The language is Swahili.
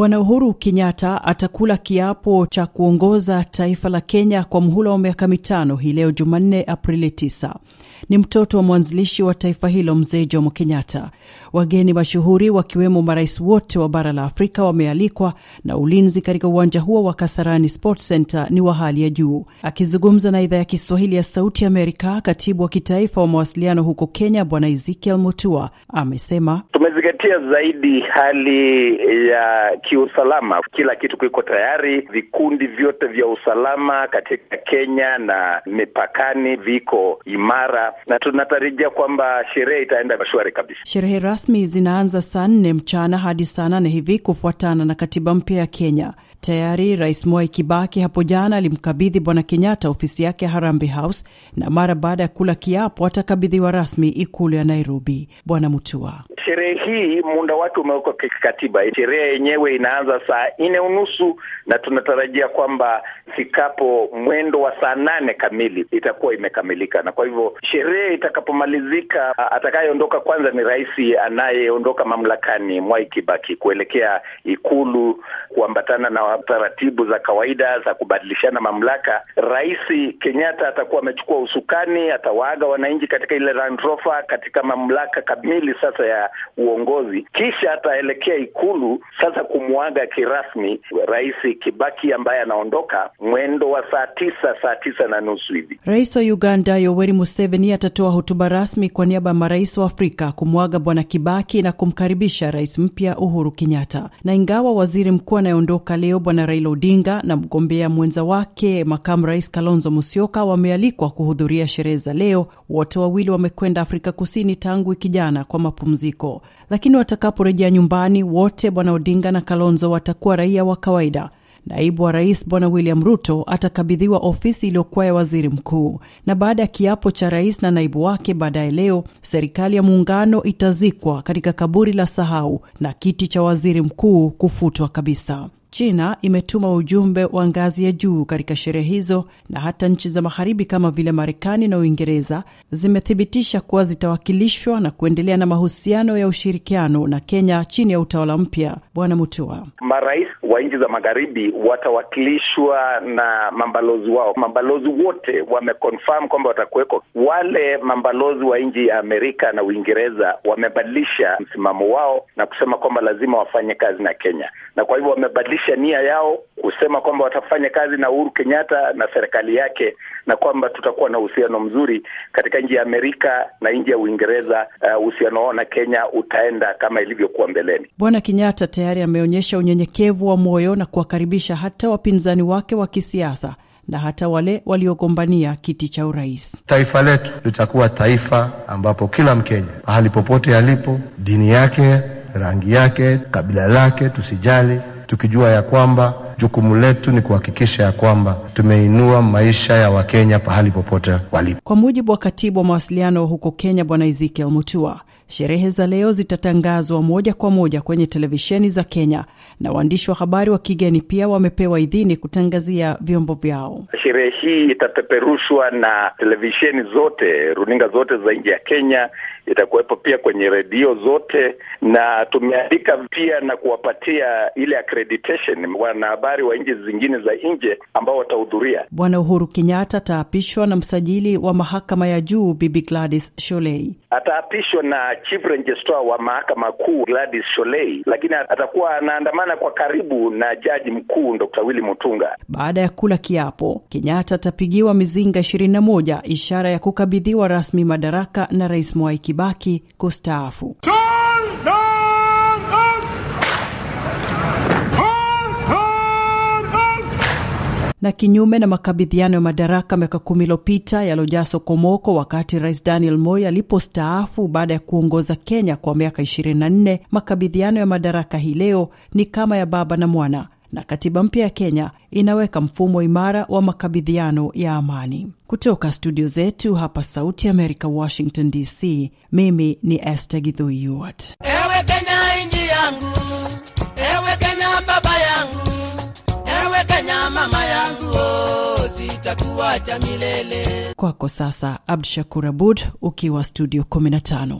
Bwana Uhuru Kenyatta atakula kiapo cha kuongoza taifa la Kenya kwa mhula wa miaka mitano hii leo Jumanne, Aprili 9. Ni mtoto wa mwanzilishi wa taifa hilo Mzee Jomo Kenyatta. Wageni mashuhuri wakiwemo marais wote wa bara la Afrika wamealikwa na ulinzi katika uwanja huo wa Kasarani Sports Center ni wa hali ya juu. Akizungumza na idhaa ya Kiswahili ya Sauti Amerika, katibu wa kitaifa wa mawasiliano huko Kenya Bwana Ezekiel Mutua amesema tumezingatia zaidi hali ya kiusalama. Kila kitu kiko tayari, vikundi vyote vya usalama katika Kenya na mipakani viko imara, na tunatarajia kwamba sherehe itaenda mashwari kabisa. Sherehe rasmi zinaanza saa nne mchana hadi saa nane hivi kufuatana na katiba mpya ya Kenya. Tayari Rais Mwai Kibaki hapo jana alimkabidhi Bwana Kenyatta ofisi yake ya Harambe House, na mara baada ya kula kiapo atakabidhiwa rasmi ikulu ya Nairobi. Bwana Mutua Sherehe hii muda wake umewekwa kikatiba. Sherehe yenyewe inaanza saa nne unusu na tunatarajia kwamba ifikapo mwendo wa saa nane kamili itakuwa imekamilika, na kwa hivyo sherehe itakapomalizika, atakayeondoka kwanza ni rais anayeondoka mamlakani Mwai Kibaki kuelekea Ikulu kuambatana na taratibu za kawaida za kubadilishana mamlaka. Rais Kenyatta atakuwa amechukua usukani, atawaaga wananchi katika ile Land Rover katika mamlaka kamili sasa ya uongozi, kisha ataelekea Ikulu sasa kumwaga kirasmi Rais Kibaki ambaye anaondoka mwendo wa saa tisa, saa tisa na nusu hivi. Rais wa Uganda Yoweri Museveni atatoa hotuba rasmi kwa niaba ya marais wa Afrika kumwaga Bwana Kibaki na kumkaribisha rais mpya Uhuru Kenyatta. Na ingawa waziri mkuu anayeondoka leo Bwana Raila Odinga na mgombea mwenza wake makamu rais Kalonzo Musyoka wamealikwa kuhudhuria sherehe za leo, wote wawili wamekwenda Afrika Kusini tangu wiki jana kwa mapumziko mabadiliko, lakini watakaporejea nyumbani wote Bwana Odinga na Kalonzo watakuwa raia wa kawaida. Naibu wa rais Bwana William Ruto atakabidhiwa ofisi iliyokuwa ya waziri mkuu, na baada ya kiapo cha rais na naibu wake baadaye leo, serikali ya muungano itazikwa katika kaburi la sahau na kiti cha waziri mkuu kufutwa kabisa. China imetuma ujumbe wa ngazi ya juu katika sherehe hizo na hata nchi za magharibi kama vile Marekani na Uingereza zimethibitisha kuwa zitawakilishwa na kuendelea na mahusiano ya ushirikiano na Kenya chini ya utawala mpya. Bwana Mutua, marais wa nchi za magharibi watawakilishwa na mambalozi wao. Mambalozi wote wamekonfirm kwamba watakuweko. Wale mambalozi wa nchi ya Amerika na Uingereza wamebadilisha msimamo wao na kusema kwamba lazima wafanye kazi na Kenya, na kwa hivyo wamebadilisha wameonyesha nia yao kusema kwamba watafanya kazi na Uhuru Kenyatta na serikali yake na kwamba tutakuwa na uhusiano mzuri katika nchi ya Amerika na nchi ya Uingereza. Uh, uhusiano wao na Kenya utaenda kama ilivyokuwa mbeleni. Bwana Kenyatta tayari ameonyesha unyenyekevu wa moyo na kuwakaribisha hata wapinzani wake wa kisiasa na hata wale waliogombania kiti cha urais. Taifa letu litakuwa taifa ambapo kila Mkenya mahali popote alipo, dini yake, rangi yake, kabila lake, tusijali tukijua ya kwamba jukumu letu ni kuhakikisha ya kwamba tumeinua maisha ya Wakenya pahali popote walipo. Kwa mujibu wa katibu wa mawasiliano huko Kenya, Bwana Ezekiel Mutua, sherehe za leo zitatangazwa moja kwa moja kwenye televisheni za Kenya na waandishi wa habari wa kigeni pia wamepewa idhini kutangazia vyombo vyao. Sherehe hii itapeperushwa na televisheni zote, runinga zote za nje ya Kenya itakuwepo pia kwenye redio zote, na tumeandika pia na kuwapatia ile accreditation wanahabari wa nchi zingine za nje ambao watahudhuria. Bwana Uhuru Kenyatta ataapishwa na msajili wa mahakama ya juu Bibi Gladys Sholei, ataapishwa na chief registrar wa mahakama kuu Gladys Sholei, lakini atakuwa anaandamana kwa karibu na jaji mkuu Dr. Willy Mutunga. Baada ya kula kiapo, Kenyatta atapigiwa mizinga ishirini na moja, ishara ya kukabidhiwa rasmi madaraka na Rais Mwai Kibaki kibaki kustaafu. na kinyume na makabidhiano ya madaraka miaka kumi iliyopita yaliojaa sokomoko wakati rais Daniel moy alipostaafu baada ya kuongoza Kenya kwa miaka 24, makabidhiano ya madaraka hii leo ni kama ya baba na mwana na katiba mpya ya Kenya inaweka mfumo imara wa makabidhiano ya amani. Kutoka studio zetu hapa Sauti america Amerika, Washington DC, mimi ni este Githui Ewe Kenya inji yangu, ewe Kenya baba yangu, ewe Kenya mama yangu, oh, sitakuacha milele. Kwako sasa, Abdu Shakur Abud ukiwa studio 15.